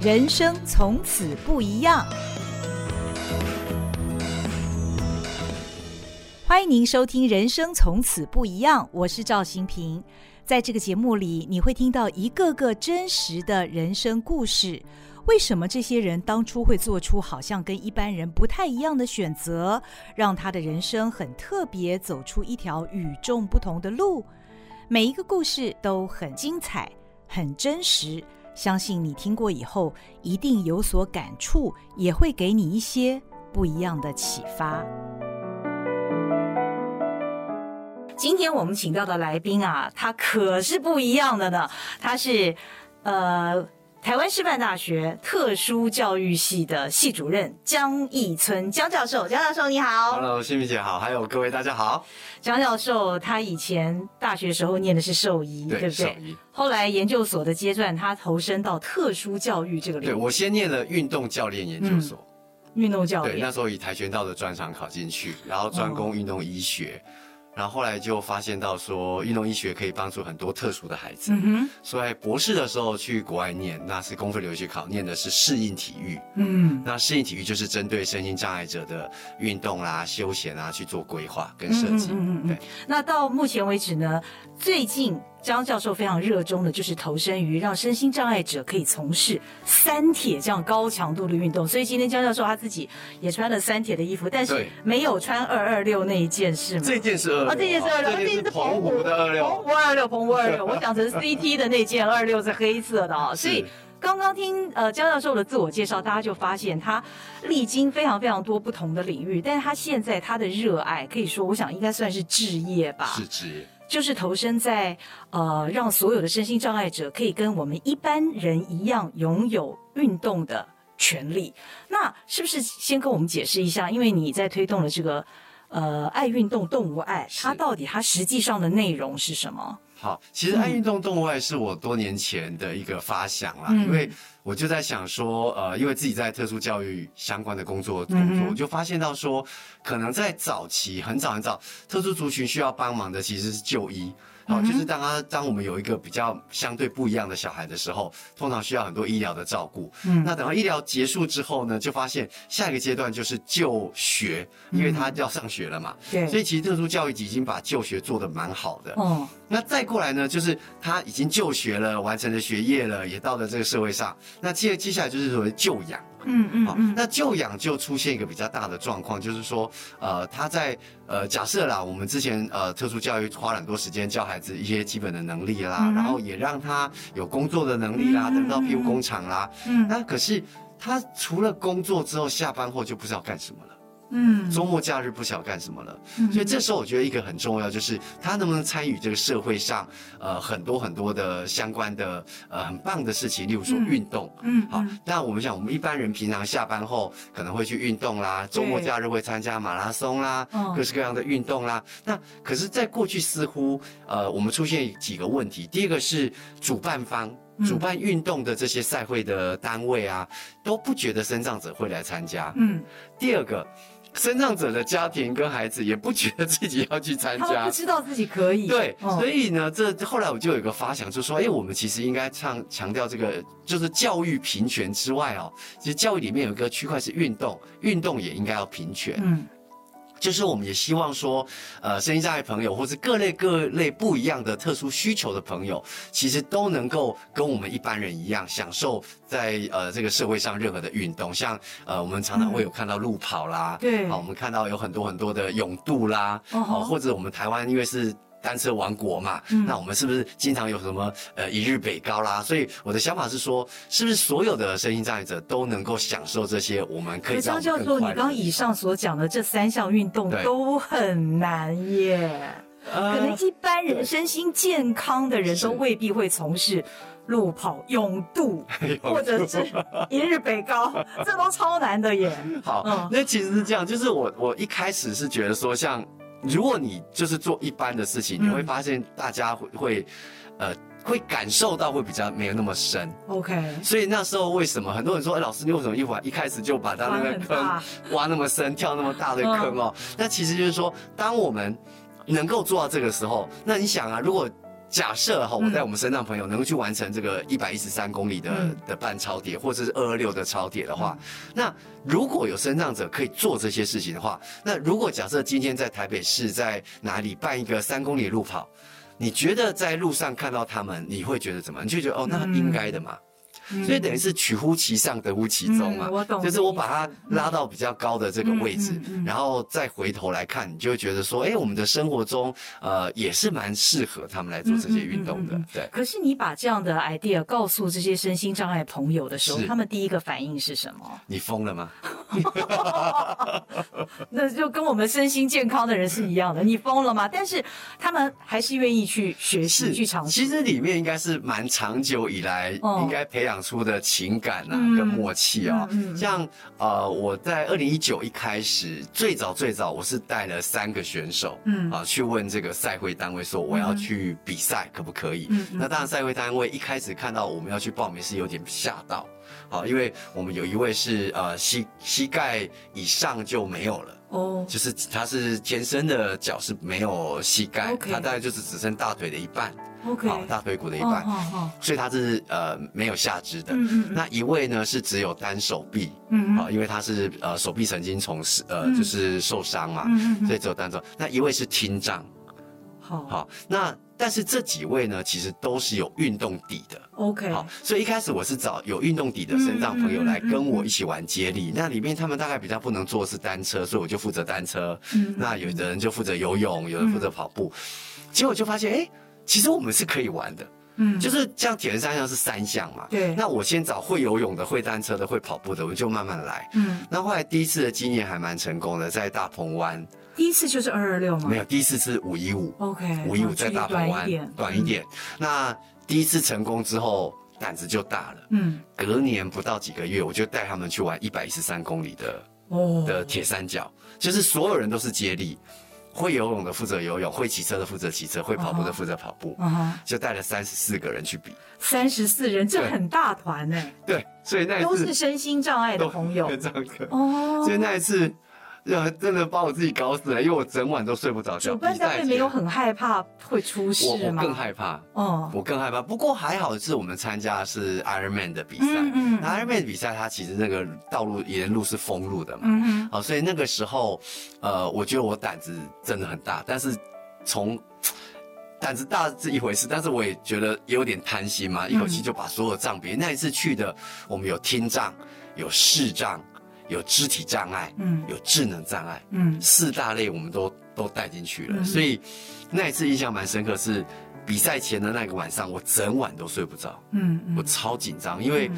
人生從此不一樣，歡迎您收聽《人生從此不一樣》，我是趙心屏。在這個節目裡，你會聽到一個個真實的人生故事。為什麼這些人當初會做出好像跟一般人不太一樣的選擇，讓他的人生很特別，走出一條與眾不同的路？每一個故事都很精彩，很真實。相信你聽過以後，一定有所感觸，也會給你一些不一樣的啟發。今天我們請到的來賓啊，他可是不一樣的呢，他是，呃。台灣師範大學特殊教育系的系主任姜義村姜教授，姜教授你好。Hello，心屏姐好，還有各位大家好。姜教授他以前大學時候念的是獸醫，對，對不對？獸醫。後來研究所的階段，他投身到特殊教育這個領域。對，我先念了運動教練研究所，嗯，運動教練。對，那時候以跆拳道的專長考進去，然後專攻運動醫學。哦然後後來就發現到說，運動醫學可以幫助很多特殊的孩子。所以博士的時候去國外念，那是公費留學考，念的是適應體育。嗯，那適應體育就是針對身心障礙者的運動啦、啊、休閒啊去做規劃跟設計。嗯嗯，對。那到目前為止呢，最近。姜教授非常熱衷的，就是投身於讓身心障礙者可以從事三鐵這樣高強度的運動。所以今天姜教授他自己也穿了三鐵的衣服，但是沒有穿二二六那一件，對嗎件是嗎、啊哦？這件是二啊，這件是二六，這件是澎湖，澎湖的二六，澎湖二六，澎湖二六。 我講成 CT 的那件 二六是黑色的啊。所以剛剛聽呃姜教授的自我介紹，大家就發現他歷經非常非常多不同的領域，但是他現在他的熱愛，可以說我想應該算是志業吧，是志業。就是投身在，呃，讓所有的身心障礙者可以跟我們一般人一樣擁有運動的權利。那是不是先跟我們解釋一下？因為你在推動了這個。呃，愛運動動無礙，它到底它實際上的內容是什麼是？好，其實愛運動動無礙是我多年前的一個發想啦，嗯、因為我就在想說，呃，因為自己在特殊教育相關的工作，嗯、工作我就發現到說，可能在早期很早很早，特殊族群需要幫忙的其實是就醫。好、哦，就是當他當我們有一個比較相對不一樣的小孩的時候，通常需要很多醫療的照顧。嗯，那等到醫療結束之後呢，就發現下一個階段就是就學，因為他要上學了嘛。嗯、對，所以其實特殊教育已經把就學做得蠻好的。哦，那再過來呢，就是他已經就學了，完成了學業了，也到了這個社會上，那接接下來就是所謂就養。嗯嗯，嗯好，那就業就出現一個比較大的狀況，就是說，呃，他在呃，假設啦，我們之前呃，特殊教育花很多時間教孩子一些基本的能力啦，嗯、然後也讓他有工作的能力啦，嗯嗯嗯嗯、等到庇護工廠啦嗯，嗯，那可是他除了工作之後，下班後就不知道幹什麼了。嗯，周末假日不曉得幹什麼了，所以這時候我覺得一個很重要就是他能不能參與這個社會上呃很多很多的相關的呃很棒的事情，例如說運動，嗯，好。那我們想，我們一般人平常下班後可能會去運動啦，周末假日會參加馬拉松啦，各式各樣的運動啦。那可是，在過去似乎呃我們出現幾個問題，第一個是主辦方主辦運動的這些賽會的單位啊都不覺得身障者會來參加，嗯，第二個。身障者的家庭跟孩子也不覺得自己要去參加，不知道自己可以。對，哦、所以呢，這後來我就有一個發想，就說：哎、欸，我們其實應該唱強調這個，就是教育平權之外哦、喔，其實教育裡面有一個區塊是運動，運動也應該要平權。嗯。就是我們也希望說，呃，身心障礙朋友或是各類各類不一樣的特殊需求的朋友，其實都能夠跟我們一般人一樣，享受在呃這個社會上任何的運動，像呃我們常常會有看到路跑啦，對、嗯，好、啊，我們看到有很多很多的泳渡啦，哦對、啊，或者我們臺灣因為是。單車王國嘛，嗯、那我們是不是經常有什麼呃一日北高啦？所以我的想法是說，是不是所有的身心障礙者都能夠享受這些？我們可以這樣。姜教授，你剛以上所講的這三項運動都很難耶，對嗯、可能一般人身心健康的人都未必會從事路跑、泳是渡，或者是一日北高， 這都超難的耶。好，嗯、那其實是這樣，就是我我一開始是覺得說像。如果你就是做一般的事情，嗯、你會發現大家會，會呃，會感受到會比較沒有那麼深。OK。所以那時候為什麼很多人說，哎、欸，老師你為什麼一會一開始就把他那個坑挖那麼深，跳那麼大的坑哦、喔？ 那其實就是說，當我們能夠做到這個時候，那你想啊，如果。假設哈，我帶我們身障朋友能夠去完成這個一百一十三公里的、嗯、的半超鐵，或者是二二六的超鐵的話，嗯、那如果有身障者可以做這些事情的話，那如果假設今天在台北市在哪裡辦一個三公里的路跑，你覺得在路上看到他們，你會覺得怎麼？你就覺得哦，那應該的嘛。嗯嗯、所以等於是取乎其上，得乎其中嘛、啊嗯。我懂。就是我把它拉到比較高的這個位置，嗯嗯嗯嗯、然後再回頭來看，你，就會覺得說，哎、欸，我們的生活中，呃，也是蠻適合他們來做這些運動的。嗯嗯嗯嗯、對。可是你把這樣的 idea 告訴這些身心障礙朋友的時候，是他們第一個反應是什麼？你瘋了嗎？ 那就跟我們身心健康的人是一樣的，你瘋了嗎？但是他們還是願意去學習，是去嘗試。其實裡面應該是蠻長久以來應該培養出的情感啊，跟默契啊。嗯嗯嗯、像呃，我在二零一九一開始，嗯、最早最早，我是帶了三個選手，嗯啊，去問這個賽會單位說我要去比賽、嗯、可不可以？嗯，嗯那當然賽會單位一開始看到我們要去報名是有點嚇到。好，因為我們有一位是呃膝膝蓋以上就沒有了哦，oh. 就是他是前身的腳是沒有膝蓋，Okay. 他大概就是只剩大腿的一半，Okay. 好大腿骨的一半，哦。Oh, oh, oh. 所以他是呃沒有下肢的。Mm hmm. 那一位呢是只有單手臂，好、mm，hmm. 因為他是呃手臂神經叢呃就是受傷嘛，mm hmm. 所以只有單手。Mm hmm. 那一位是聽障，oh. 好，那。但是這幾位呢，其實都是有運動底的。OK，好，所以一開始我是找有運動底的身障朋友來跟我一起玩接力。嗯嗯嗯、那裡面他們大概比較不能坐是單車，所以我就負責單車。嗯，嗯那有的人就負責游泳，有人負責跑步。嗯、結果就發現，哎、欸，其實我們是可以玩的。嗯，就是像鐵人三項是三項嘛。對。那我先找會游泳的、會單車的、會跑步的，我就慢慢來。嗯。那後來第一次的經驗還蠻成功的，在大鵬灣。第一次就是二二六嘛，沒有，第一次是五一五。OK，五一五在大鵬灣，短一點。那第一次成功之後，膽子就大了。嗯，隔年不到幾個月，我就帶他們去玩一百一十三公里的，哦，的鐵三角，就是所有人都是接力，會游泳的負責游泳，會騎車的負責騎車，會跑步的負責跑步。就帶了三十四個人去比，三十四人，這很大團哎。對，所以那次都是身心障礙的朋友。哦，所以那一次。啊、真的把我自己搞死了，因為我整晚都睡不着覺。主辦方也沒有很害怕會出事嗎？我，我更害怕。哦，我更害怕。不過還好是我們參加的是 Iron Man 的比賽。嗯，嗯，Iron Man 比賽它其實那個道路沿路是封路的嘛。嗯好、嗯啊，所以那個時候，呃，我覺得我膽子真的很大。但是從膽子大是一回事，但是我也覺得也有點貪心嘛，一口氣就把所有障別、嗯、那一次去的，我們有聽障有視障有肢體障礙，嗯，有智能障礙，嗯，四大類我們都都帶進去了。嗯、所以那一次印象蠻深刻的是，是比賽前的那個晚上，我整晚都睡不着、嗯，嗯，我超緊張，因為，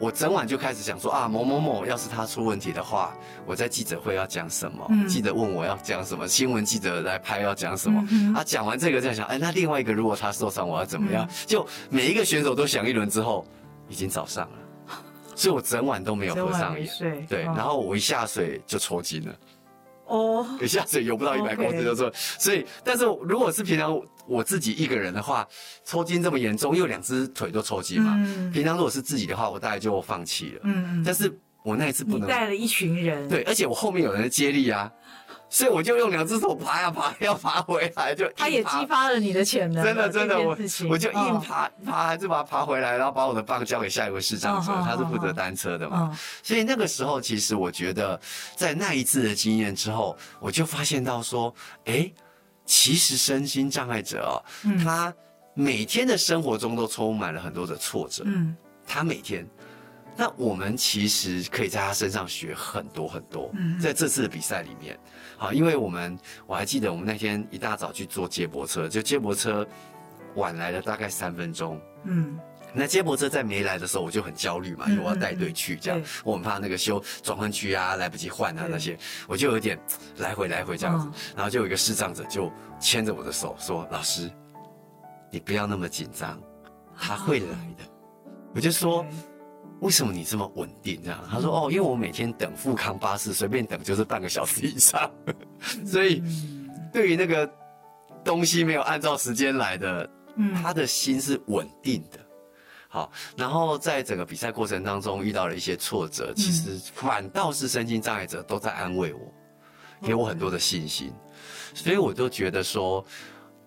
我整晚就開始想說、嗯、啊某某某，要是他出問題的話，我在記者會要講什麼？嗯、記者問我要講什麼？新聞記者來拍要講什麼？嗯嗯、啊，講完這個再想，哎，那另外一個如果他受傷，我要怎麼樣？嗯、就每一個選手都想一輪之後，已經早上了。所以我整晚都沒有合上眼，對，哦、然後我一下水就抽筋了，哦，一下水游不到一百公尺就做，okay 所以，但是如果是平常我自己一個人的話，抽筋這麼嚴重，因為兩隻腿都抽筋嘛，嗯、平常如果是自己的話，我大概就放棄了，嗯、但是我那一次不能帶了一群人，對，而且我後面有人接力啊。所以我就用兩隻手爬呀爬，要爬回來就。他也激發了你的潛能，真的 真的，我我就硬爬，哦、爬，還是把它爬回來，然後把我的棒交給下一位視障者，哦、他是負責單車的嘛。哦、所以那個時候，其實我覺得，在那一次的經驗之後，我就發現到說，哎，其實身心障礙者哦，嗯、他每天的生活中都充滿了很多的挫折，嗯，他每天。那我們其實可以在他身上學很多很多。嗯，在這次的比賽裡面，好，因為我們我還記得我們那天一大早去坐接駁車，就接駁車晚來了大概三分鐘。嗯，那接駁車在沒來的時候，我就很焦慮嘛，因為我要帶隊去，這樣、嗯、我很怕那個修轉換區啊，對來不及換啊那些，對我就有點來回來回這樣子。嗯、然後就有一個視障者就牽着我的手說：“嗯、老師，你不要那麼緊張，他會來的。好”我就說。Okay. 為什麼你這麼穩定？這樣，他說哦，因為我每天等富康巴士，隨便等就是半個小時以上， 所以對於那個東西沒有按照時間來的，他的心是穩定的。好，然後在整個比賽過程當中遇到了一些挫折，其實反倒是身心障礙者都在安慰我，給我很多的信心，所以我就覺得說，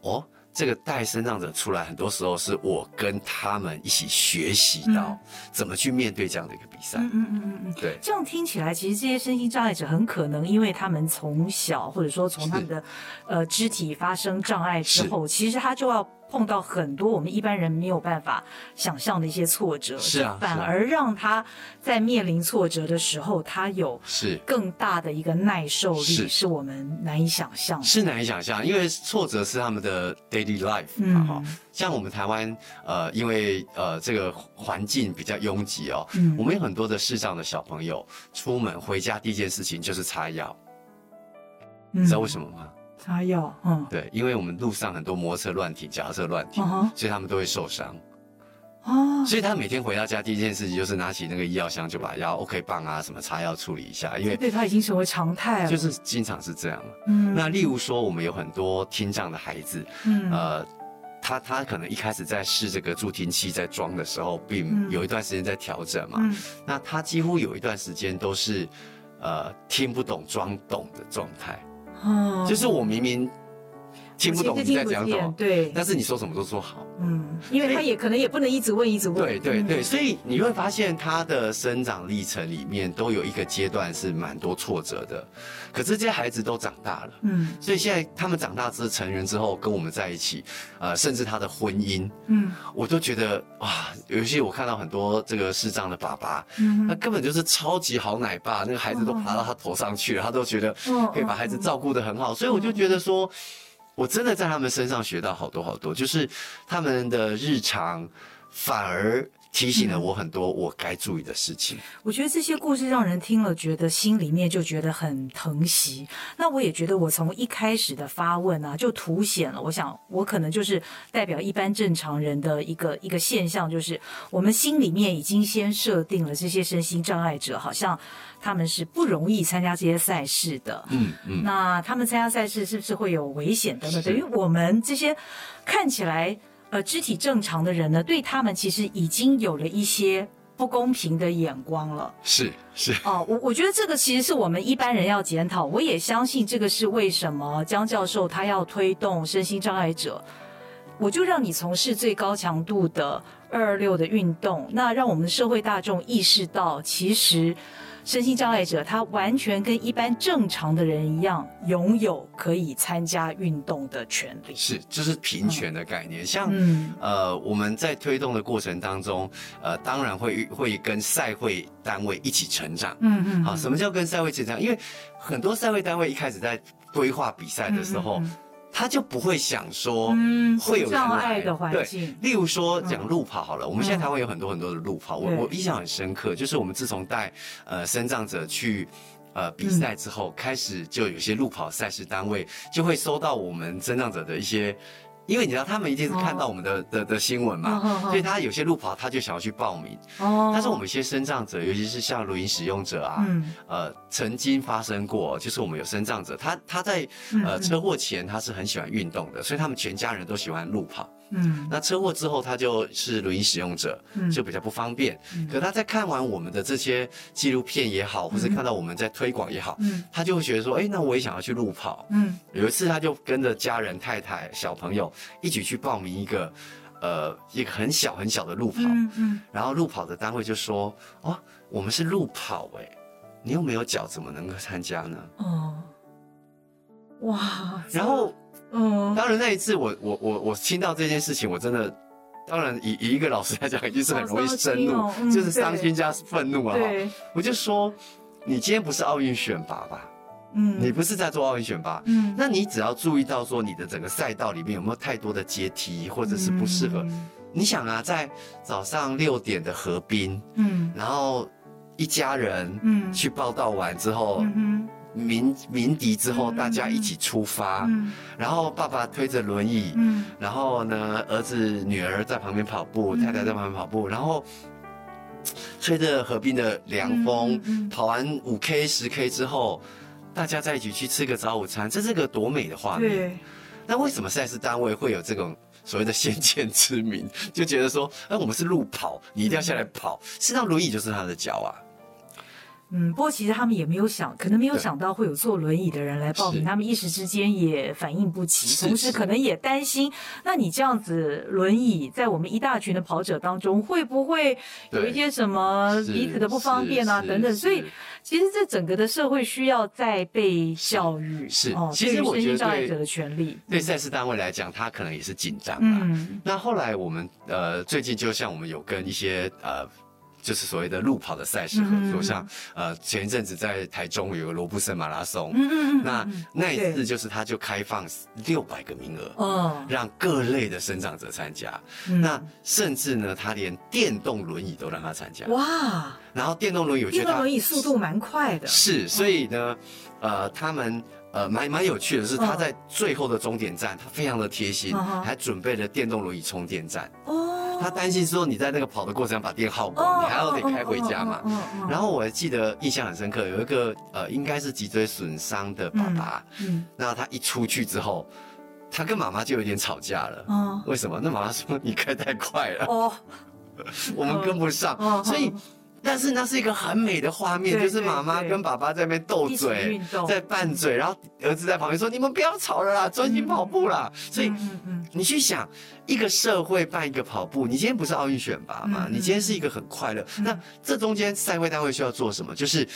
哦。這個帶身障者出來，很多時候是我跟他們一起學習到怎麼去面對這樣的一個比賽。嗯嗯嗯嗯，對嗯嗯嗯嗯。這樣聽起來，其實這些身心障礙者很可能，因為他們從小或者說從他們的是呃肢體發生障礙之後，是其實他就要。碰到很多我們一般人沒有辦法想象的一些挫折，是啊，反而讓他在面臨挫折的時候，啊、他有是更大的一個耐受力，是，是我們難以想象的，是難以想象，因為挫折是他們的 daily life 哈。嗯、像我們台灣，呃，因為呃這個環境比較擁擠哦，嗯，我們有很多的視障的小朋友出門回家第一件事情就是擦藥，嗯、你知道為什麼嗎？擦藥，嗯，對，因為我們路上很多摩托車亂停，腳踏車亂停，uh huh、所以他們都會受傷。哦、uh，huh、所以他每天回到家第一件事情就是拿起那個醫藥箱，就把藥 OK 棒啊什麼擦藥處理一下，因為對他已經成為常態，就是經常是這樣。嗯，那例如說我們有很多聽障的孩子，嗯，呃，他他可能一開始在試這個助聽器在裝的時候，並有一段時間在調整嘛，嗯，嗯那他幾乎有一段時間都是呃聽不懂裝懂的狀態。Oh. 就是我明明。聽不懂，你再講懂。對，但是你說什麼都說好。嗯，因為他也可能也不能一直問，一直問。對對對，所以你會發現他的生長歷程裡面都有一個階段是蠻多挫折的。可是這些孩子都長大了，嗯，所以現在他們長大之成人之後跟我們在一起，呃，甚至他的婚姻，嗯，我都覺得哇，尤其我看到很多這個視障的爸爸，嗯哼，他根本就是超級好奶爸，那個孩子都爬到他頭上去了，哦、他都覺得可以把孩子照顧得很好，哦、所以我就覺得說。我真的在他們身上學到好多好多，就是他們的日常反而。提醒了我很多我該注意的事情。嗯、我覺得這些故事讓人聽了，覺得心裡面就覺得很疼惜。那我也覺得，我從一開始的發問啊就凸顯了。我想，我可能就是代表一般正常人的一個一個現象，就是我們心裡面已經先設定了這些身心障礙者，好像他們是不容易參加這些賽事的。嗯嗯。嗯那他們參加賽事是不是會有危險等等？是等於我們這些看起來。呃，肢體正常的人呢，對他們其實已經有了一些不公平的眼光了。是是哦、呃，我我覺得這個其實是我們一般人要檢討。我也相信這個是為什麼姜教授他要推動身心障礙者，我就讓你從事最高強度的二二六的運動，那讓我們的社會大眾意識到，其實。身心障礙者，他完全跟一般正常的人一樣，擁有可以參加運動的權利。是，這、就是平權的概念。嗯、像，呃，我們在推動的過程當中，呃，當然會會跟賽會單位一起成長。嗯嗯。好、啊，什麼叫跟賽會成長？因為很多賽會單位一開始在規劃比賽的時候。嗯哼哼他就不會想說，會有障礙的環境，例如說講路跑好了，我們現在台灣有很多很多的路跑，我我印象很深刻，就是我們自從帶呃身障者去呃比賽之後，開始就有些路跑賽事單位就會收到我們身障者的一些。因為你知道，他們一定是看到我們的、oh. 的的，的新聞嘛，oh. Oh. Oh. 所以他有些路跑，他就想要去報名。Oh. Oh. Oh. 但是我們一些身障者，尤其是像輪椅使用者啊，mm. 呃，曾經發生過，就是我們有身障者，他他在呃車禍前，他是很喜歡運動的，mm. 所以他們全家人都喜歡路跑。嗯，那車禍之後他就是輪椅使用者，嗯，就比較不方便。嗯、可他在看完我們的這些紀錄片也好，嗯、或是看到我們在推廣也好，嗯，他就會覺得說，哎、欸，那我也想要去路跑。嗯，有一次他就跟着家人、太太、小朋友一起去報名一個，呃，一個很小很小的路跑。嗯，嗯然後路跑的單位就說，哦，我們是路跑、欸，哎，你又沒有腳，怎麼能夠參加呢？哦，哇，然後。嗯，當然那一次我我我我聽到這件事情，我真的，當然以以一個老師來講，已經是很容易生怒，嗯、就是傷心加憤怒啊，我就說，你今天不是奧運選拔吧？嗯、你不是在做奧運選拔？嗯，那你只要注意到說，你的整個賽道裡面有沒有太多的階梯，或者是不適合？嗯、你想啊，在早上六點的河濱，嗯，然後一家人，嗯，去報到完之後，嗯，嗯哼鳴鳴笛之後，嗯、大家一起出發，嗯、然後爸爸推着輪椅，嗯、然後呢，兒子女兒在旁邊跑步，嗯、太太在旁邊跑步，然後吹着河邊的涼風，嗯嗯、跑完五 K 十 K 之後，大家在一起去吃個早午餐，這是個多美的畫面。那對為什麼賽事單位會有這種所謂的先見之明，就覺得說，哎、啊，我們是路跑，你一定要下來跑，實際上輪椅就是他的腳啊。嗯，不過其實他們也沒有想，可能沒有想到會有坐輪椅的人來報名，對他們一時之間也反應不及，是同時可能也擔心，那你這樣子輪椅在我們一大群的跑者當中，會不會有一些什麼彼此的不方便啊等等？所以其實這整個的社會需要再被教育。是，其實我覺得。身心障礙者的權利對賽事單位來講，他可能也是緊張。嗯，那後來我們呃，最近就像我們有跟一些呃。就是所謂的路跑的賽事合作，像呃前一陣子在台中有個羅布森馬拉松，那那一次就是他就開放六百個名額，哦，讓各類的身障者參加。那甚至呢，他連電動輪椅都讓他參加。哇！然後電動輪椅我覺得，電動輪椅速度蠻快的。是，所以呢，呃，他們呃蠻蠻有趣的，是他在最後的終點站，他非常的貼心，還準備了電動輪椅充電站。哦。他擔心說，你在那個跑的過程上把電耗光，oh, 你還要得開回家嘛。然後我還記得印象很深刻，有一個呃應該是脊椎損傷的爸爸，嗯，mm, mm. 那他一出去之後，他跟媽媽就有點吵架了。哦，oh. 為什麼？那媽媽說，你開太快了，oh. 我們跟不上，oh. Oh. 所以。但是那是一個很美的畫面，對對對，就是媽媽跟爸爸在那邊鬥嘴，對對對在拌嘴，然後兒子在旁邊說：“嗯、你們不要吵了啦，專心跑步啦。嗯”所以，嗯嗯、你去想一個社會辦一個跑步，你今天不是奧運選拔嗎？嗯、你今天是一個很快樂。嗯、那這中間賽會單位需要做什麼？就是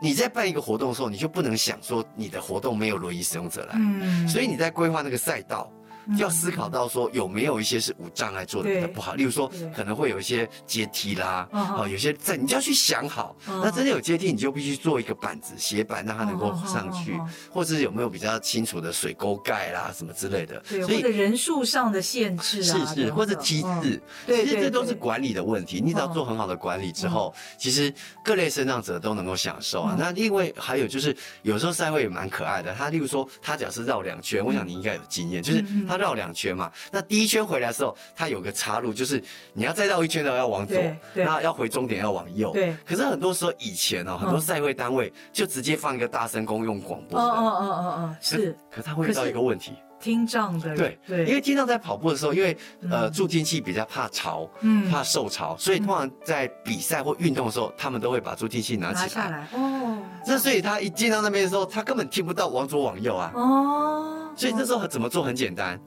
你在辦一個活動的時候，你就不能想說你的活動沒有輪椅使用者來。嗯、所以你在規劃那個賽道，要思考到說，有沒有一些是無障礙做的比較不好，例如說可能會有一些階梯啦，有些在你就要去想好。那真的有階梯，你就必須做一個板子斜板，讓它能夠上去，或者有沒有比較清楚的水溝蓋啦什麼之類的。對，所以人數上的限制啊，是、是，或者梯次，對，其實這都是管理的問題。你只要做很好的管理之後，其實各類身障者都能夠享受啊。那另外還有就是有時候賽會也蠻可愛的，他例如說他只要是繞兩圈，我想你應該有經驗，就是他。繞兩圈嘛，那第一圈回來的時候，它有個岔路，就是你要再繞一圈的話要往左，那要回終點要往右。對，對，可是很多時候以前哦，很多賽會單位就直接放一個大聲公用廣播。哦的哦哦哦哦，是。可，可是它會遇到一個問題。是聽障的人對對，因為聽障在跑步的時候，因為呃助聽器比較怕潮，嗯，怕受潮，所以通常在比賽或運動的時候，他們都會把助聽器拿起來。拿下來哦。那所以他一進到那邊的時候，他根本聽不到往左往右啊。哦。所以那時候怎麼做很簡單，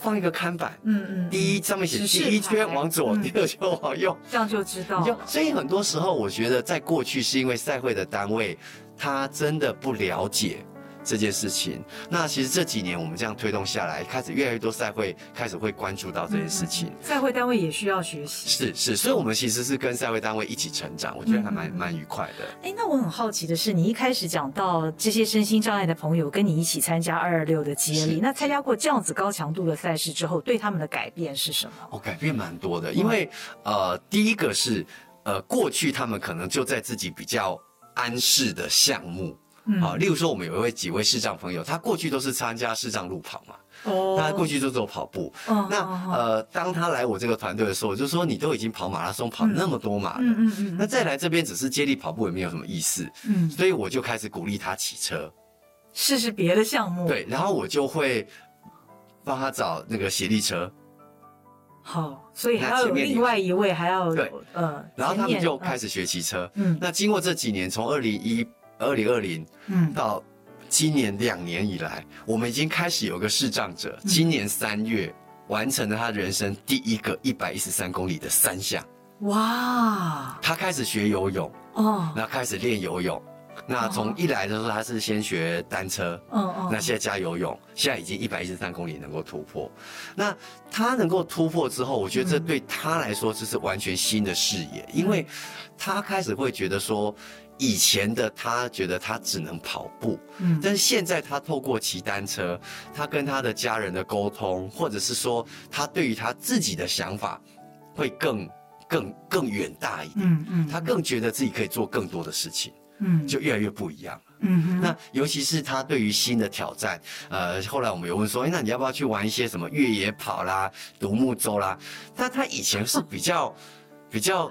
放一個看板，嗯嗯，第一上面寫第一圈往左，第二圈往右，這樣就知道。所以很多時候我覺得在過去是因為賽會的單位他真的不了解。這件事情，那其實這幾年我們這樣推動下來，開始越來越多賽會開始會關注到這件事情。嗯、賽會單位也需要學習，是是，所以我們其實是跟賽會單位一起成長，嗯、我覺得還蠻蠻愉快的。哎、嗯，那我很好奇的是，你一開始講到這些身心障礙的朋友跟你一起參加二二六的接力，是那參加過這樣子高強度的賽事之後，對他們的改變是什麼？哦，改變蠻多的，因為、嗯、呃，第一個是呃，過去他們可能就在自己比較安適的項目。好，例如說我們有一位幾位視障朋友，他過去都是參加視障路跑嘛，哦，他過去就走跑步，哦，那呃，當他來我這個團隊的時候，我就說你都已經跑馬拉松跑那麼多馬了，嗯嗯，那再來這邊只是接力跑步也沒有什麼意思，嗯，所以我就開始鼓勵他騎車，試試別的項目，對，然後我就會幫他找那個協力車，好，所以還要有另外一位，還要對，嗯，然後他們就開始學騎車，嗯，那經過這幾年，從二零一。二零二零，嗯，到今年兩年以來，嗯、我們已經開始有個視障者，嗯、今年三月完成了他人生第一個一百一十三公里的三項。哇！他開始學游泳哦，那開始練游泳，哦、那從一來的時候他是先學單車，嗯、哦、那現在加游泳，哦、現在已經一百一十三公里能夠突破。那他能夠突破之後，我覺得這對他來說，這是完全新的視野，嗯、因為他開始會覺得說。以前的他覺得他只能跑步，嗯，但是現在他透過騎單車，他跟他的家人的溝通，或者是說他對於他自己的想法，會更更更遠大一點，嗯嗯，嗯嗯，他更覺得自己可以做更多的事情，嗯，就越來越不一樣了，嗯、嗯哼，那尤其是他對於新的挑戰，呃，後來我們有問說，哎、欸，那你要不要去玩一些什麼越野跑啦、獨木舟啦？他他以前是比較、嗯、比較。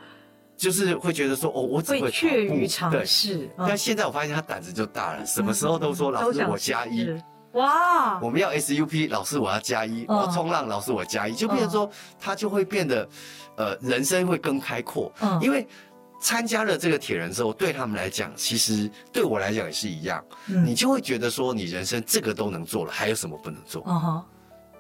就是會覺得說，哦，我只會跑步，怯於嘗試，對，是。但現在我發現他膽子就大了，嗯、什麼時候都說、嗯、老師我加一，哇，我們要 SUP，老師我要加一，我衝、哦、浪，老師我加一，1, 就變成說他、嗯、就會變得，呃，人生會更開闊。嗯、因為參加了這個鐵人之後，對他們來講，其實對我來講也是一樣，嗯、你就會覺得說，你人生這個都能做了，還有什麼不能做？哦、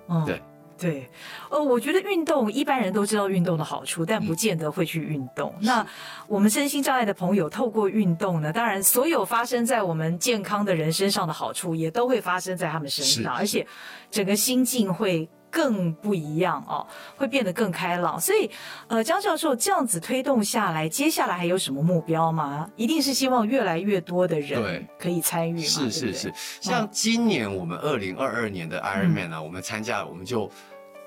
嗯。嗯、對。對，呃，我覺得運動，一般人都知道運動的好處，但不見得會去運動。嗯、那我們身心障礙的朋友透過運動呢，當然所有發生在我們健康的人身上的好處，也都會發生在他們身上，是而且整個心境會更不一樣哦，會變得更開朗。所以，呃，姜教授這樣子推動下來，接下來還有什麼目標嗎？一定是希望越來越多的人可以參與。對對對是是是，像今年我們二零二二年的 Ironman 呢，啊，嗯、我們參加，了，我們就。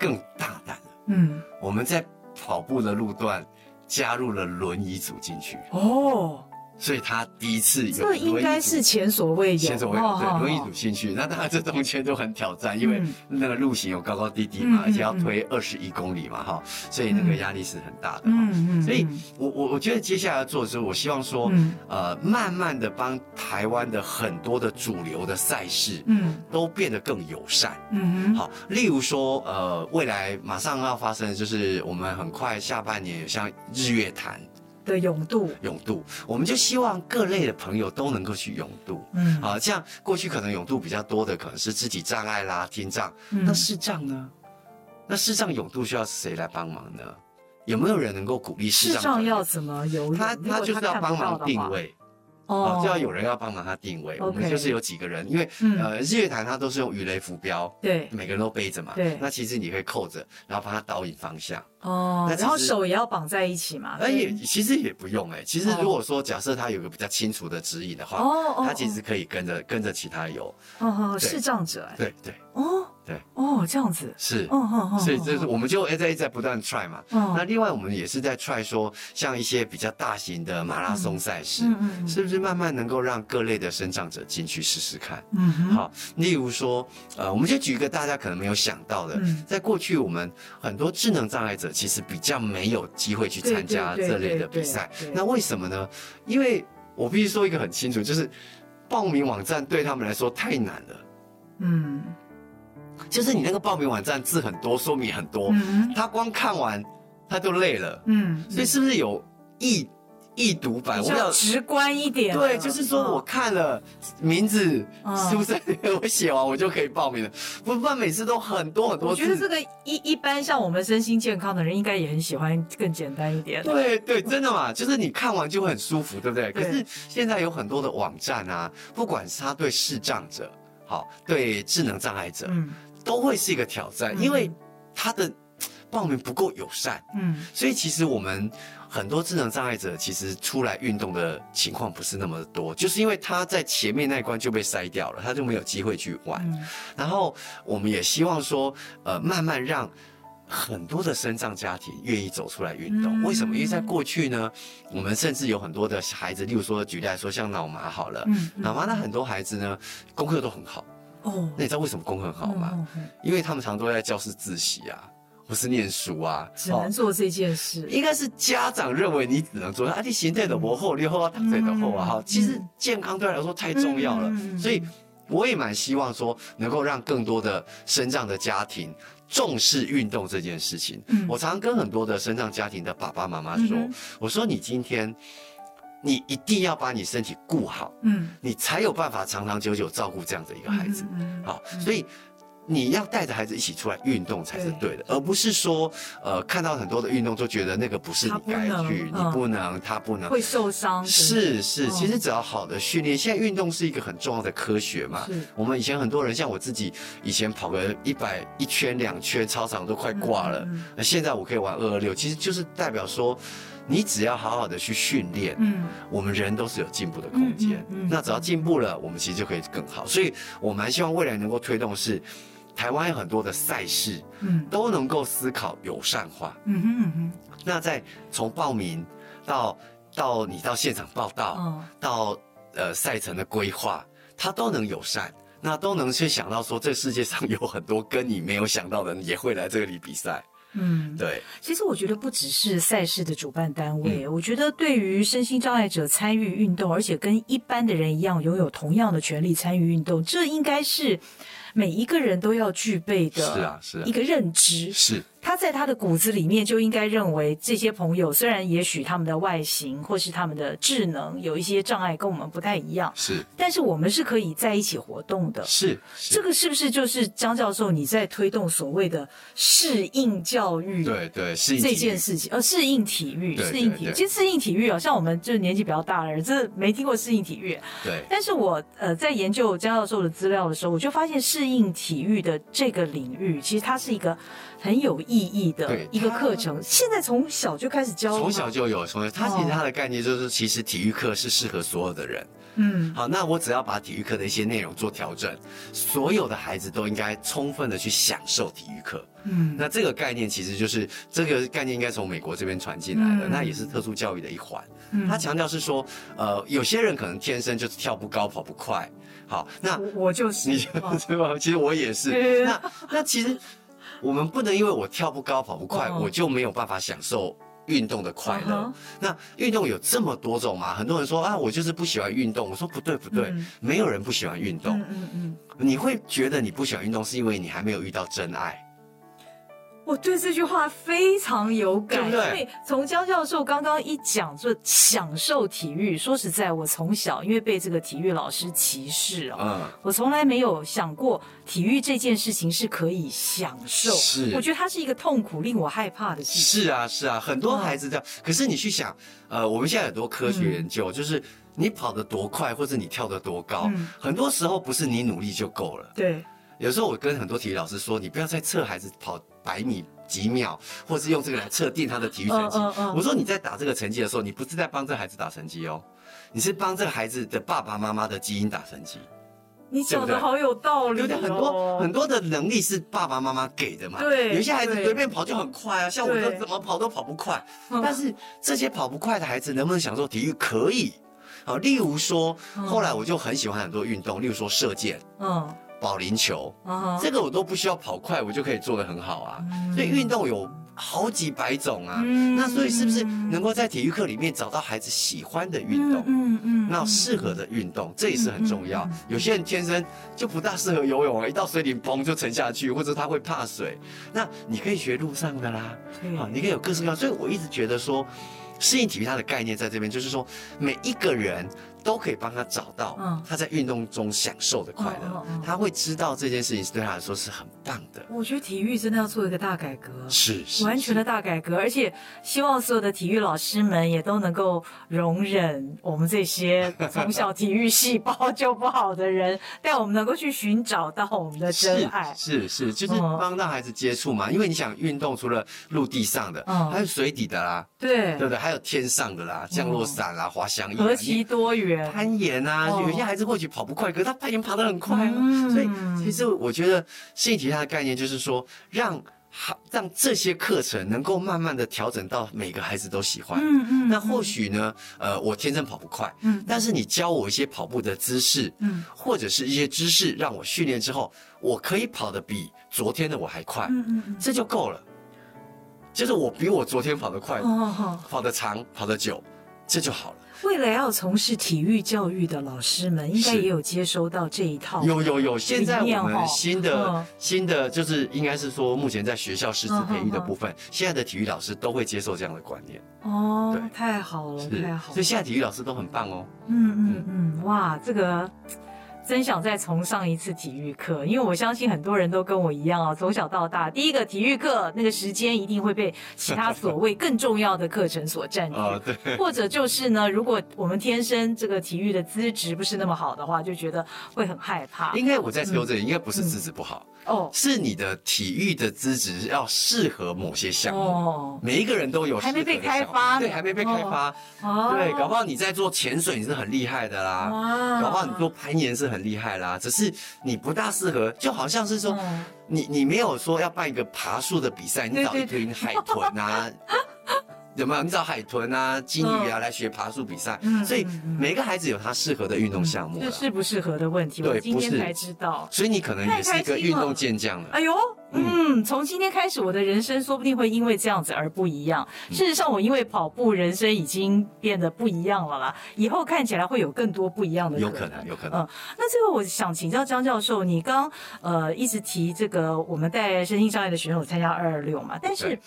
更大膽了，嗯，我們在跑步的路段加入了輪椅組進去哦。所以他第一次有，這應該是前所未有，前所未有，對，容易有興趣。那他這中間就很挑戰，因為那個路型有高高低低嘛，而且要推二十一公里嘛哈，所以那個壓力是很大的嗯。所以，我我我覺得接下來做的時候，我希望說，呃，慢慢的幫台灣的很多的主流的賽事，嗯，都變得更友善，嗯嗯，好，例如說，呃，未來馬上要發生的就是我們很快下半年有像日月潭。對，泳渡泳渡。我們就希望各類的朋友都能夠去泳渡。嗯，啊，像過去可能泳渡比較多的，可能是肢體障礙啦、聽障，那視障呢？那視障泳渡需要誰來幫忙呢？有沒有人能夠鼓勵視障？視障要怎麼游？他他就是要幫忙定位，哦，就要有人要幫忙他定位。我們就是有幾個人，因為呃，日月潭它都是用魚雷浮標，對，每個人都背着嘛，對，那其實你可以扣着，然後幫他導引方向。哦，然後手也要綁在一起嘛？哎，其實也不用哎。其實如果說假設他有個比較清楚的指引的話，他其實可以跟着跟着其他游。哦哦，是這樣子哎。對對。哦，對哦，這樣子是。哦哦哦。所以就是，我們就哎在在不斷 try 嘛。哦。那另外我們也是在 try 說，像一些比較大型的馬拉松賽事，是不是慢慢能夠讓各類的視障者進去試試看？嗯，好，例如說，呃，我們就舉一個大家可能沒有想到的，在過去我們很多智能障礙者。其實比較沒有機會去參加這類的比賽，那為什麼呢？因為我必須說一個很清楚，就是報名網站對他們來說太難了。嗯，就是你那個報名網站字很多，說明很多，嗯、他光看完他就累了。嗯，所以是不是有意？易讀版，比較直觀一點。對，就是說我看了名字、書名、嗯，是不是我寫完、嗯、我就可以報名了。不然每次都很多很多字，我覺得這個一一般，像我們身心健康的人，應該也很喜歡更簡單一點。對對，真的嘛？ 就是你看完就會很舒服，對不對？對，可是現在有很多的網站啊，不管是他對視障者，好對智能障礙者，嗯，都會是一個挑戰，嗯、因為他的報名不夠友善，嗯，所以其實我們。很多智能障礙者其實出來運動的情況不是那麼多，就是因為他在前面那一關就被篩掉了，他就沒有機會去玩。嗯、然後我們也希望說，呃，慢慢讓很多的身障家庭願意走出來運動。嗯、為什麼？因為在過去呢，我們甚至有很多的孩子，例如說舉例來說像腦麻好了，嗯嗯、腦麻那很多孩子呢功課都很好。哦，那你知道為什麼功課很好嗎？嗯、因為他們常都在教室自習啊。不是念書啊，只能做這件事。應該是家長認為你只能做啊，你心在的活後，你後要躺在的活啊。哈，其實健康對我來說太重要了，所以我也蠻希望說能夠讓更多的身障的家庭重視運動這件事情。我常跟很多的身障家庭的爸爸媽媽說，我說你今天你一定要把你身體顧好，嗯，你才有辦法長長久久照顧這樣的一個孩子，好，所以。你要帶着孩子一起出來運動才是對的，對而不是說，呃，看到很多的運動就覺得那個不是你該去，不你不能，嗯、他不能，會受傷。是是，嗯、其實只要好的訓練，現在運動是一個很重要的科學嘛。是我們以前很多人，像我自己，以前跑個一百一圈兩圈操場都快掛了，那、嗯嗯嗯、現在我可以玩二二六，其實就是代表說，你只要好好的去訓練，嗯，我們人都是有進步的空間。嗯嗯嗯嗯，那只要進步了，我們其實就可以更好。所以我蠻希望未來能夠推動是。台灣有很多的賽事，嗯，都能夠思考友善化。嗯哼，嗯哼。那在從報名到到你到現場報道，哦、到呃賽程的規劃，它都能友善，那都能去想到說，這世界上有很多跟你沒有想到的人也會來這裡比賽。嗯，對。其實我覺得不只是賽事的主辦單位，嗯、我覺得對於身心障礙者參與運動，而且跟一般的人一樣擁有同樣的權利參與運動，這應該是。每一個人都要具備的是啊，是啊，是，一個認知是。他在他的骨子裡面就應該認為，這些朋友雖然也許他們的外形或是他們的智能有一些障礙，跟我們不太一樣，是，但是我們是可以在一起活動的，是。是這個是不是就是姜教授你在推動所謂的適應教育？對對，這件事情，呃，適應體育，哦、適應體育。其實適應體育啊，像我們就是年紀比較大的人，真的沒聽過適應體育。對。但是我呃，在研究姜教授的資料的時候，我就發現適應體育的這個領域，其實它是一個。很有意義的一個課程。現在從小就開始教，從小就有。從小，他其實他的概念就是，其實體育課是適合所有的人。嗯，好，那我只要把體育課的一些內容做調整，所有的孩子都應該充分的去享受體育課。嗯，那這個概念其實就是這個概念，應該從美國這邊傳進來的。嗯，那也是特殊教育的一環。嗯，他強調是說，呃，有些人可能天生就是跳不高、跑不快。好，那我，我就是，對吧你？哦， 其實我也是。嘿嘿，那，那其實。我們不能因為我跳不高、跑不快，oh. 我就沒有辦法享受運動的快樂。Uh huh. 那運動有這麼多種嗎？很多人說啊，我就是不喜歡運動。我說不對不對，mm hmm. 沒有人不喜歡運動。嗯嗯嗯，hmm. 你會覺得你不喜歡運動，是因為你還沒有遇到真愛。我對這句話非常有感，所以對從江教授剛剛一講，就享受體育。說實在，我從小因為被這個體育老師歧視啊、哦，嗯、我從來沒有想過體育這件事情是可以享受。是，我覺得它是一個痛苦、令我害怕的事情。是啊，是啊，很多孩子這樣。可是你去想，呃，我們現在有很多科學研究，嗯、就是你跑得多快，或者你跳得多高，嗯、很多時候不是你努力就夠了。對。有時候我跟很多體育老師說，你不要再測孩子跑百米幾秒，或者是用這個來測定他的體育成績。Uh, uh, uh, 我說你在打這個成績的時候，你不是在幫這孩子打成績哦，你是幫這個孩子的爸爸媽媽的基因打成績。你講想的好有道理，哦。有點很多很多的能力是爸爸媽媽給的嘛。對。有一些孩子隨便跑就很快啊，對像我都怎麼跑都跑不快。對但是這些跑不快的孩子能不能享受體育？可以。啊，例如說，後來我就很喜歡很多運動，uh. 例如說射箭。嗯。Uh. 保齡球，oh. 這個我都不需要跑快，我就可以做得很好啊。Mm hmm. 所以運動有好幾百種啊。Mm hmm. 那所以是不是能夠在體育課裡面找到孩子喜歡的運動？嗯嗯、mm，hmm. 那適合的運動，mm hmm. 這也是很重要。Mm hmm. 有些人天生就不大適合游泳啊，一到水裡嘣就沉下去，或者他會怕水。那你可以學路上的啦，mm hmm. 啊、你可以有各式各樣，所以我一直覺得說，適應體育它的概念在這邊，就是說每一個人。都可以幫他找到他在運動中享受的快樂，他會知道這件事情是對他來說是很棒的。我覺得體育真的要做一個大改革，是是完全的大改革，而且希望所有的體育老師們也都能夠容忍我們這些從小體育細胞就不好的人，但我們能夠去尋找到我們的真愛，是是，就是幫讓孩子接觸嘛，因為你想運動除了陸地上的，還有水底的啦，對對對，還有天上的啦，降落傘啦，滑翔翼，何其多餘。攀岩啊，oh. 有些孩子或許跑不快，可是他攀岩跑得很快。啊。Mm hmm. 所以，其實我覺得心理題他的概念就是說，讓讓這些課程能夠慢慢的調整到每個孩子都喜歡。嗯嗯、mm。Hmm. 那或許呢，呃，我天生跑不快，嗯、mm，hmm. 但是你教我一些跑步的姿勢，嗯、mm，hmm. 或者是一些知識讓我訓練之後，我可以跑得比昨天的我還快。Mm hmm. 這就夠了，就是我比我昨天跑得快，oh. 跑得長，跑得久，這就好了。未來要從事體育教育的老師們，應該也有接收到這一套。有有有，現在我們新的、哦、新的就是，應該是說目前在學校師資培育的部分，哦、現在的體育老師都會接受這樣的觀念。哦，對太好了，是太好了。所以現在體育老師都很棒哦。嗯嗯嗯，哇，這個。真想再重上一次體育課，因為我相信很多人都跟我一樣啊，從小到大，第一個體育課那個時間一定會被其他所謂更重要的課程所佔據、 哦。對，或者就是呢，如果我們天生這個體育的資質不是那麼好的話，就覺得會很害怕。應該我在糾正，嗯、應該不是資質不好、嗯、哦，是你的體育的資質要適合某些項目。哦，每一個人都有，還沒被開發，對，還沒被開發。哦，對，搞不好你在做潛水你是很厲害的啦，哇搞不好你做攀岩是很。厲害啦！只是你不大適合，就好像是說你，嗯、你你沒有說要辦一個爬樹的比賽，對對對，你找一群海豚啊， 有沒有？你找海豚啊、鯨魚啊來學爬樹比賽？嗯、所以每個孩子有他適合的運動項目，嗯、這是適不適合的問題。對，我今天才知道，所以你可能也是一個運動健將了，了。哎呦！嗯，從今天開始，我的人生說不定會因為這樣子而不一樣。事實上，我因為跑步，人生已經變得不一樣了啦。以後看起來會有更多不一樣的。有可能，有可能。嗯，那最後我想請教姜教授，你剛呃一直提這個，我們帶身心障礙的選手參加二二六嘛？但是，對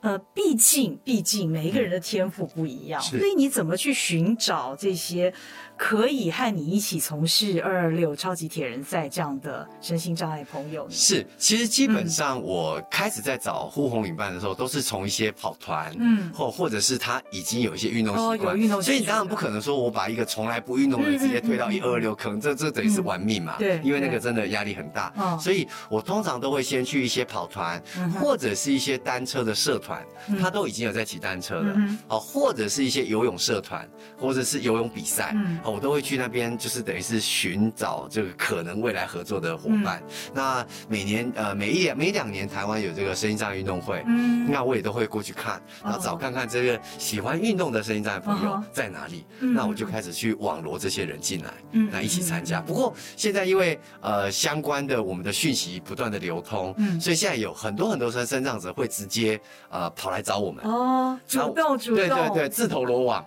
呃，畢竟畢竟每一個人的天賦不一樣，嗯、所以你怎麼去尋找這些？可以和你一起從事二二六超級鐵人賽這樣的身心障礙朋友呢？是，其實基本上我開始在找呼朋引伴的時候，都是從一些跑團，嗯，或或者是他已經有一些運動習慣，哦、有運動習慣。所以你當然不可能說我把一個從來不運動的直接推到一二六，2 1, 2, 6, 可能這這等於是玩命嘛，嗯、對，對，因為那個真的壓力很大，哦。所以我通常都會先去一些跑團，嗯、哼或者是一些單車的社團，他都已經有在騎單車了，哦、嗯，嗯、或者是一些游泳社團，或者是游泳比賽，嗯。我都會去那邊，就是等於是尋找這個可能未來合作的夥伴。那每年呃每一兩每兩年台灣有這個身障運動會，那我也都會過去看，然後找看看這個喜歡運動的身障朋友在哪裡。那我就開始去網羅這些人進來，嗯，來一起參加。不過現在因為呃相關的我們的訊息不斷的流通，所以現在有很多很多身障者會直接呃跑來找我們。哦，主動主動，對對對，自投羅網，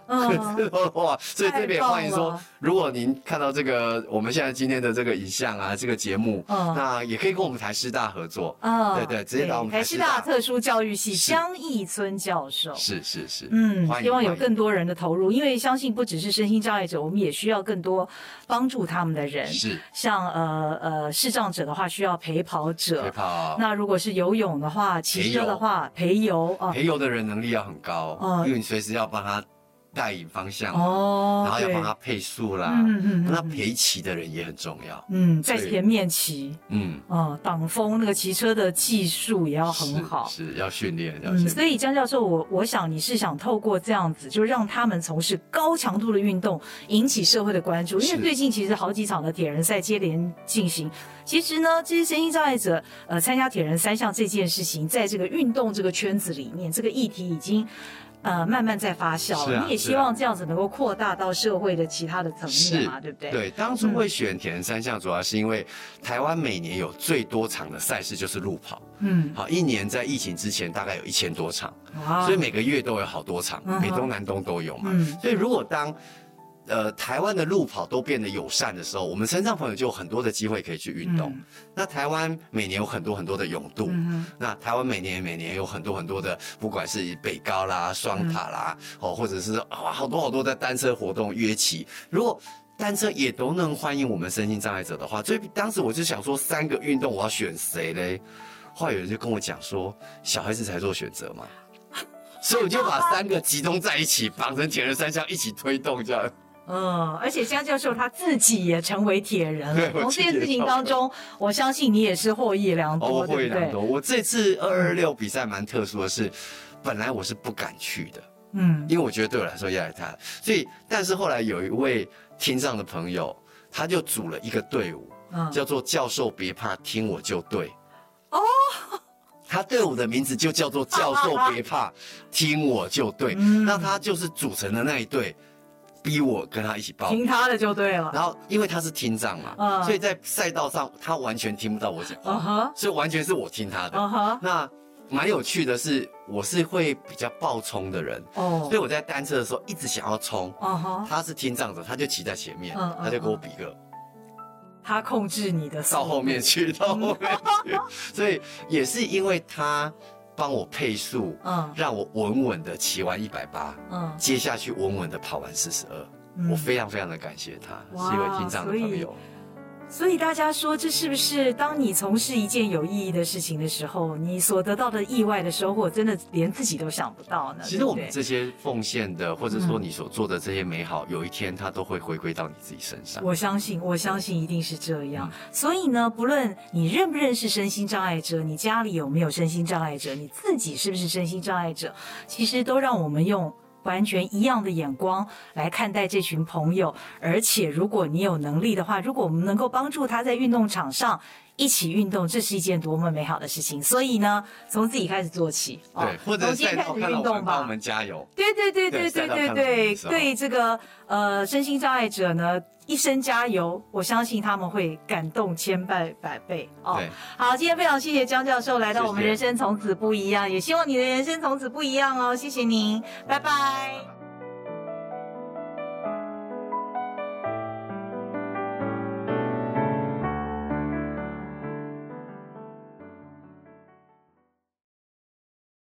自投羅網。所以這邊也歡迎說。如果您看到這個，我們現在今天的這個影像啊，這個節目，那也可以跟我們台師大合作。啊，對對，直接到我們台師大特殊教育系姜義村教授。是是是，嗯，希望有更多人的投入，因為相信不只是身心障礙者，我們也需要更多幫助他們的人。是，像呃呃視障者的話，需要陪跑者。陪跑。那如果是游泳的話，騎車的話，陪游啊，陪游的人能力要很高啊，因為你隨時要幫他。帶引方向哦，oh, 然後要幫他配速啦，那陪騎的人也很重要。嗯，以在前面騎，嗯，啊擋、嗯、風，那個騎車的技術也要很好，是，是要訓練。要訓練。嗯，所以姜教授，我我想你是想透過這樣子，就讓他們從事高強度的運動，引起社會的關注。因為最近其實好幾場的鐵人賽接連進行。其實呢，這些身心障礙者呃參加鐵人三項這件事情，在這個運動這個圈子裡面，這個議題已經。呃，慢慢在發酵，啊、你也希望這樣子能夠擴大到社會的其他的層面嘛，是對不對？對，當初會選鐵人三項，主要是因為台灣每年有最多場的賽事就是路跑，嗯，好，一年在疫情之前大概有一千多場，嗯、所以每個月都有好多場，北、嗯、中南東都有嘛，嗯、所以如果當。呃，台灣的路跑都變得友善的時候，我們身上朋友就有很多的機會可以去運動。嗯、那台灣每年有很多很多的泳渡，嗯哼那台灣每年每年有很多很多的，不管是北高啦、雙塔啦，嗯、哦，或者是、哦、好多好多的單車活動約起。如果單車也都能歡迎我們身心障礙者的話，所以當時我就想說，三個運動我要選誰嘞？後來有人就跟我講說，小孩子才做選擇嘛。 所以我就把三個集中在一起，綁成鐵人三項一起推動這樣。嗯，而且姜教授他自己也成為鐵人，從這件事情當中，我相信你也是獲益良多。哦、獲益良多。對對，我這次二二六比賽蠻特殊的是，本來我是不敢去的，嗯，因為我覺得對我來說壓力太大。所以，但是後來有一位聽障的朋友，他就組了一個隊伍，嗯、叫做“教授別怕，聽我就對”。哦，他隊伍的名字就叫做“教授別怕，聽我就對”。啊啊啊、那他就是組成的那一隊。逼我跟他一起報，聽他的就對了。然後因為他是聽障嘛，uh, 所以在賽道上他完全聽不到我講話，uh huh? 所以完全是我聽他的。Uh huh? 那蠻有趣的是，我是會比較爆衝的人，uh huh? 所以我在單車的時候一直想要衝。Uh huh? 他是聽障者，他就騎在前面，uh huh? 他就給我比個，他控制你的到後面去，到後面去，到後面去 所以也是因為他。幫我配速，嗯，讓我穩穩的騎完一百八，嗯，接下去穩穩的跑完四十二，嗯，我非常非常的感謝他，哇是一位聽障的朋友。所以大家說，這是不是當你從事一件有意義的事情的時候，你所得到的意外的收穫，真的連自己都想不到呢？對對，其實我們這些奉獻的，或者說你所做的這些美好，嗯、有一天它都會回歸到你自己身上。我相信，我相信一定是這樣。嗯、所以呢，不論你認不認識身心障礙者，你家裡有沒有身心障礙者，你自己是不是身心障礙者，其實都讓我們用完全一樣的眼光來看待這群朋友，而且如果你有能力的話，如果我們能夠幫助他在運動場上。一起運動，這是一件多麼美好的事情！所以呢，從自己開始做起，對，從、哦、今天開始運動吧，我們加油！對對對對對對對對，對對這個呃身心障礙者呢，一生加油！我相信他們會感動千百百倍哦。對好，今天非常謝謝姜教授來到我們人生從此不一樣，謝謝，也希望你的人生從此不一樣哦！謝謝您，對拜拜。拜拜。